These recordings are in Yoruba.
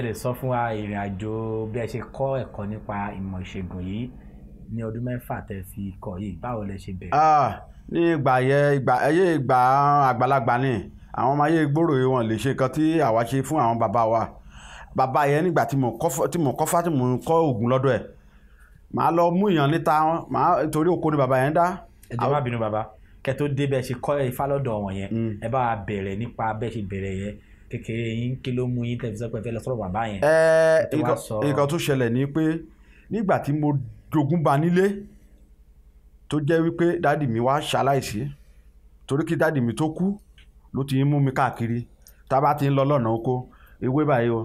ṣe lè sọ fún wa ìrìn àjò bí ẹ ṣe kọ́ ẹ̀kọ́ nípa ìmọ̀ ìṣègùn yìí ní ọdún mẹ́fà tẹ́ fi kọ́ yìí báwo lẹ ṣe bẹ̀rẹ̀. Ah, ní ìgbà yẹn ìgbà ẹyẹ ìgbà àgbàlagbà ni àwọn ọmọ ayé gbòòrò yìí wọn lè ṣe nǹkan tí àwa ṣe fún àwọn bàbá wa bàbá yẹn nígbà tí mò ń kọ́ fá tí mò ń kọ́ oògùn lọ́dọ̀ ẹ̀ màá lọ mú ìyàn níta màá torí oko ni bàbá yẹn dá. ẹ má bínú bàbá kẹ́ dé bẹ́ẹ̀ ṣe kọ́ ifá lọ́dọ̀ wọn yẹn mm. ẹ bá wa bẹ̀rẹ̀ nípa bẹ́ẹ̀ ṣe bẹ̀rẹ̀ yẹn kékeré yín kí ló mú yín tẹ̀ fi sọ pé fẹ́ lọ sọ̀rọ̀ bàbá yẹn. ẹ nǹkan tó ṣẹlẹ̀ ni pé nígbà tí mo jogún ba nílé tó jẹ́ wípé dáàdì mi wá ṣaláìsí torí kí dáàdì mi tó kú ló ti ń mú mi káàkiri tá a bá ti ń lọ lọ́nà oko ewé báyìí o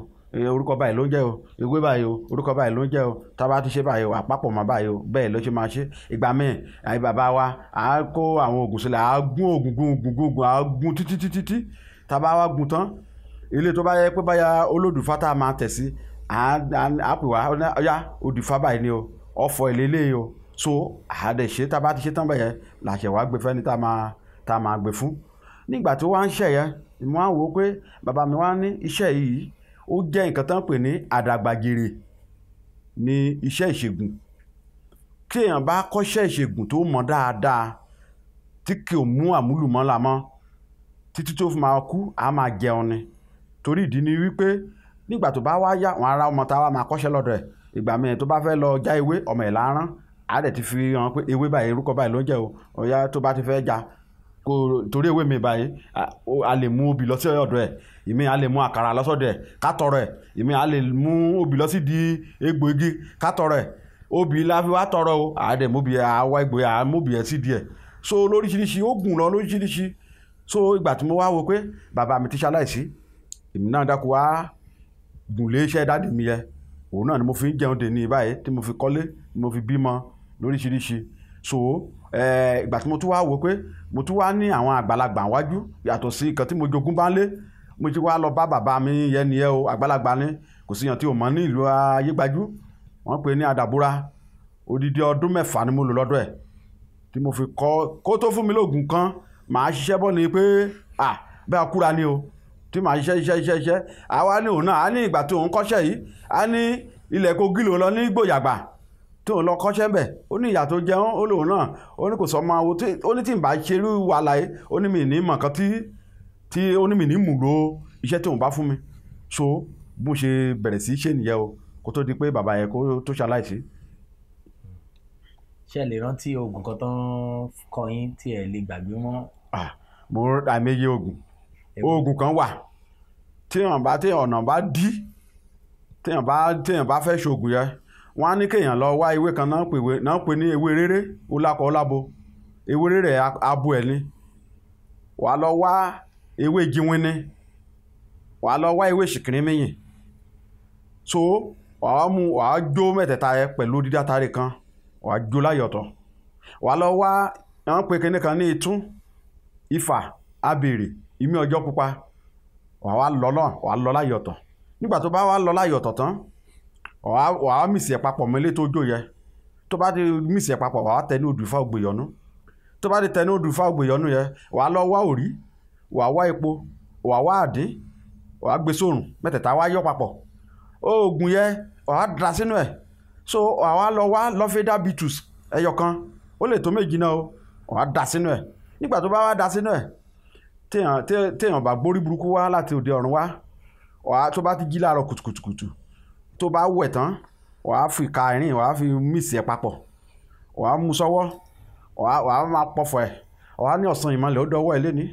orúkọ báyìí ló ń jẹ́ o ewé báyìí o orúkọ báyìí ló ń jẹ́ o tá a bá ti ṣe báyìí o àpapọ̀ mọ́ báyìí o bẹ́ẹ̀ ló ṣe máa ṣe ìgbà míì àyè bàbá wa à á kó àwọn oògùn sílẹ̀ à á gún oògùn gún gún gún à á gún títí títí tá a bá wá gún tán ilé tó bá yẹ pé báyà olódùfá tá a máa tẹ̀ sí á pè wá ọ̀yá òdùfá báyìí ni o ọ̀fọ̀ ìlélẹ́yìí o so àdè ṣe tá a bá ti ṣe tán bẹ̀yẹ làṣẹ wàá gbé fẹ́ni tá a máa tá a máa gbé fún nígbà tó wá ń ṣẹ̀yẹ mo á wò ó pé bàbá mi wá ní iṣẹ́ yìí ó jẹ́ nǹkan tán pè ní àdàgbàgèrè ní iṣẹ́ ìṣègùn tí èèyàn bá kọ́ṣẹ́ ìṣègùn tó mọ̀ dáadáa tí kì í mú àmúlùmọ́lá mọ́ títí tó fi máa kú àá máa jẹun ni torí ìdí ni wípé nígbà tó bá wá yá wọn ara ọmọ tá a wá máa kọ́ṣẹ́ lọ́dọ̀ ẹ̀ ìgbà míì tó bá fẹ́ lọ já ewé ọmọ ẹ̀ láárán á dẹ̀ ti fi hàn pé ewé báyìí irúkọ báyìí ló ń jẹ́ o ọ̀yá tó bá ti fẹ́ já kò torí ewé mi báyìí a lè mú obì lọ sí ọ̀dọ̀ ẹ̀ ìmí a lè mú àkàrà lọ́sọ̀dọ̀ ẹ̀ kátọrọ ẹ̀ ìmí a lè mú obì lọ sí di egbò igi kátọrọ ẹ̀ obì la fi wá tọrọ o à dẹ̀ mú obì ẹ̀ sí di ẹ̀ so lóríṣiríṣi ó gùn lọ lóríṣiríṣi so ìgbà tí mo wá wo pé bàbá mi ti ṣaláìsí èmi náà dákú wá gùn lé iṣẹ́ dáàdì mi yẹ òun náà ni mo fi ń jẹun dèní báyìí tí mo fi kọ́lé tí mo fi bímọ lóríṣiríṣi so ìgbà tí mo tún wá wò pé mo tún wá ní àwọn àgbàlagbà wájú yàtọ̀ sí nǹkan tí mo jogún bá ń lé mo ti wá lọ bá bàbá mi yẹn nìyẹn o àgbàlagbà ni kò sí yàn tí ò mọ̀ ní ìlú ayégbájú wọ́n pè ní àdàbúrà odidi ọdún mẹ́fà ni mo lò lọ́dọ̀ ẹ̀ tí mo fi kọ́ kó tó fún mi lóògùn kan màá ṣiṣẹ́ bọ́ ni pé à bẹ́ẹ̀ kúra ni o tí màá ṣiṣẹ́ iṣẹ́ iṣẹ́ iṣẹ́ àwa ní òun náà a ní ìgbà tí òun kọ́ṣẹ́ yìí a ní ilẹ̀ Kogi lòun lọ ní gbòyàgbà tí òun lọ kọ́ṣẹ́ bẹ̀ ó ní ìyà tó jẹun ó lòun náà ó ní kò sọ ọmọ awo ó ní tí n bá ṣerú wàhálà yìí ó ní mi ní mọ̀ kan tí tí ó ní mi ní mùlò iṣẹ́ tí òun bá fún mi so bó ṣe bẹ̀rẹ̀ sí ṣe nìyẹn o kó tó di pé bàbá yẹn kó tó ṣaláìsí. ṣé lè rántí oògùn kan tó ń kọ tí ẹ lè gbàgbé mọ́. ah mo rà méje oògùn oògùn kan wà téèyàn bá téèyàn ọ̀nà bá dí téèyàn bá téèyàn bá fẹ́ ṣoògùn yẹn wọ́n á ní kéèyàn lọ wá ewé kan náà pè ní ewé rere ọlákọ ọlábo ewé rere abo ẹ̀ ni wà á lọ wá ewé jiwinni wà á lọ wá ewé ṣìkìrìmìyìn so wà á mú wà á jó mẹ́tẹ̀ẹ̀ta yẹn pẹ̀lú dídá tari kan wà á jó láyọ̀tọ̀ wà á lọ wá wọ́n pe kinní kan ní itún ifà abèrè ìmí ọjọ́ pupa wàá lọ náà wàá lọ láyọ̀tọ̀ nígbà tó bá wàá lọ láyọ̀tọ̀ tán wàá mìsì ẹ̀ papọ̀ mọ́lé tó jó yẹ tó bá ti mìsì ẹ̀ papọ̀ wàá tẹ ní odù ifá ògbèyọ̀nú tó bá ti tẹ ní odù ifá ògbèyọ̀nú yẹ wàá lọ wá òrí wàá wá epo wàá wá àdín wàá gbé sórùn mẹ́tẹ̀ẹ̀ta wá yọ papọ̀ oògùn yẹ wàá dra sínú ẹ̀ so wàá lọ wá lọ́fẹ́dá bitus ẹyọ kan ó lè tó méjì náà o wàá dà sínú ẹ̀ nígbà tó bá wá dà sínú ẹ̀ téèyàn bá gbórí burúkú wá láti òde ọ̀run wá wàá tó bá ti jí láàárọ̀ kùtùkùtù tó bá wẹ̀ tán wàá fi ka irin wàá fi míìsì ẹ̀ papọ̀ wàá mú sọ́wọ́ wàá máa pọ̀fọ̀ ẹ̀ wàá ní ọ̀sán ìmọ̀lẹ̀ ọdọ̀ ọwọ́ ẹ̀ lónìí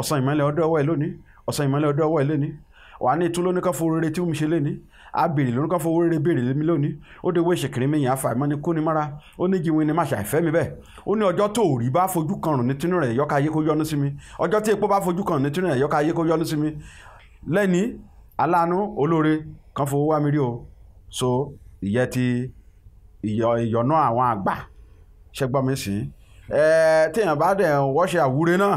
ọ̀sán ìmọ̀lẹ̀ ọdọ̀ ọwọ́ ẹ̀ lónìí ọ̀sán ìmọ̀lẹ̀ ọdọ̀ ọwọ́ ẹ̀ lónìí wà ní ìtúlọ́ ní ká fowó rere tí ó mi ṣe léni abèrè ló ní ká béèrè lémi lónìí ó de wéṣẹ̀ kiri mi yàn àfàìmọ́ ni kó ni mára ó ní jiwin ni má ṣe àìfẹ́ mi bẹ́ẹ̀ ó ní ọjọ́ tó rí bá fojú kan rùn ní tinú rẹ̀ yọ́ka ayé kó yọ́nú sí mi ọjọ́ tí epo bá fojú kan rùn ní tinú rẹ̀ yọ́ka ayé kó yọ́nú sí mi lẹ́ni aláàánú olóore kan fowó wá mi rí o so ìyẹ́ ti ìyọ̀nà àwọn àgbà ṣẹ́gbọ́n mi sìn téèyàn bá dẹ̀ wọ́ṣẹ̀ àwúre náà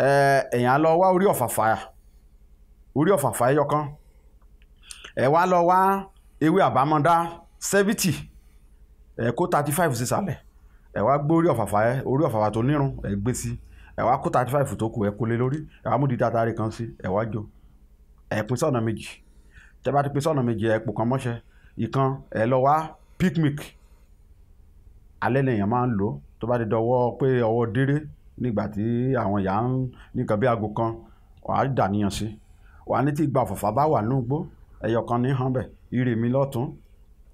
èèyàn lọ wá orí ọ̀fàfà orí ọ̀fàfà ẹyọ kan ẹ wá lọ wá ewé àbámọ́dá sẹ́fìtì ẹ kó thirty five sísàlẹ̀ ẹ wá gbé orí ọ̀fàfà ẹ orí ọ̀fàfà tó nírun ẹ gbé sí ẹ wá kó thirty five tó kù ẹ kó lé lórí ẹ wá mú di tatari kan sí ẹ wá jọ ẹ pín sọ́nà méjì tẹ́ bá ti pín sọ́nà méjì ẹ pò kan mọ́ṣẹ́ ìkan ẹ lọ wá picnic alẹ́ lèèyàn máa ń lò tó bá ti dọwọ́ pé ọwọ́ déré nígbà tí àwọn ìyá ń nìkan bí aago kan wàá dàníyàn sí wà ní tí ìgbà ọ̀fọ̀fà bá wà lóńgbó ẹyọ kan ní hàn ire mi lọ́tún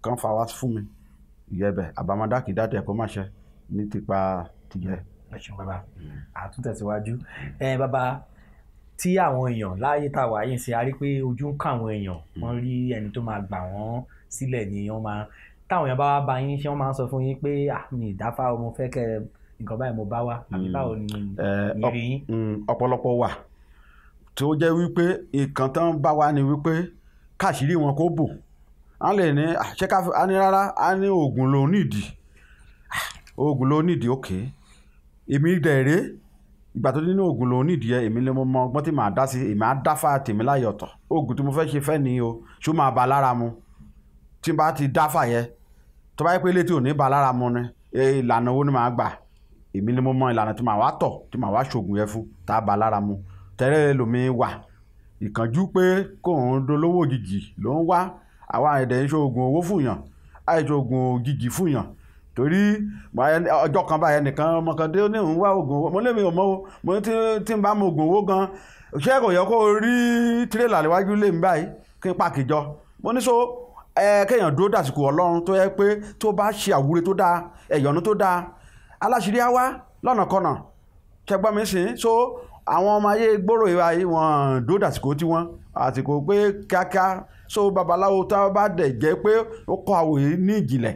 kan fa wá fún mi ìyẹ́bẹ̀ àbámọ́dákì dáadẹ́ kó má ṣe ní tipa tìyẹ́. ẹ ṣeun bàbá àtúntẹ̀síwájú ẹ bàbá tí àwọn èèyàn láàyè tá a wà yìí ṣe a rí pé ojú ń ká àwọn èèyàn wọ́n rí ẹni tó máa gbà wọ́n sílẹ̀ ni wọ́n máa táwọn èèyàn bá wá bá yín ṣé wọ́n máa ń sọ fún yín pé àmì ìdáfà ọmọ fẹ́ kẹ́ nǹkan báyìí mo bá wá àmì báwo ni ìrìn yín. Mm, ọ̀pọ̀lọpọ̀ wà tó jẹ́ wípé ìkàn tán bá wa ni wípé káṣírí wọn kó bò á lè ní ṣé ká á ní rárá á ní oògùn ló nídìí oògùn ló nídìí ok, èmi dẹ̀rẹ́ ìgbà tó nínú oògùn ló nídìí ẹ èmi ni mo mọ ọgbọ́n tí màá dá sí èmi á dá fà tèmi láyọ̀ ọ̀tọ̀ oògùn tí mo fẹ́ ṣe fẹ́ ni o ṣó máa ba lára mu tí n bá ti dá fà yẹ tó bá yẹ pé létí ò ní ba lára mu ni e, ìlànà owó ni màá gbà èmi ni mo mọ ìlànà tí màá wá tọ̀ tí màá wá ṣoògùn yẹn fún tá a ba lára mu tẹ́lẹ̀ lomi wà ìkánjú pé kóun dolówó òjijì ló ń wá àwa ẹ̀dẹ̀ ń ṣoògùn owó fúnyàn àìṣoògùn òjijì fúnyàn torí ọjọ́ kan báyẹn nìkan ọmọkàndé ní òun wá oògùn owó mo lè mi ò mọ mo ti ń bá mo oògùn owó gan ṣé kò yẹ kó rí tirẹ̀là níwájú lè mi báyìí kí n pààkì jọ mo ní so kéèyàn dúró dàsìkò ọlọ́run tó yẹ pé tó bá ṣe àwúre tó dáa ẹ̀yọ́nú tó dáa aláṣírí á wá lọ́nàkọnà kẹgbọ́n mi sìn so àwọn ọmọ ayé gbòòrò ìwà yìí wọ́n dó dàsìkò tí wọ́n àsìkò pé kíákíá so babaláwo tá a bá dẹ̀ jẹ́ pé ó kọ́ àwòrán ní ìjìnlẹ̀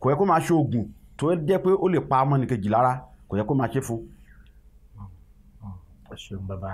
kò yẹ kó máa ṣe oògùn tó jẹ́ pé ó lè pa ọmọnìkejì lára kò yẹ kó máa ṣe fún. ẹ ṣeun bàbá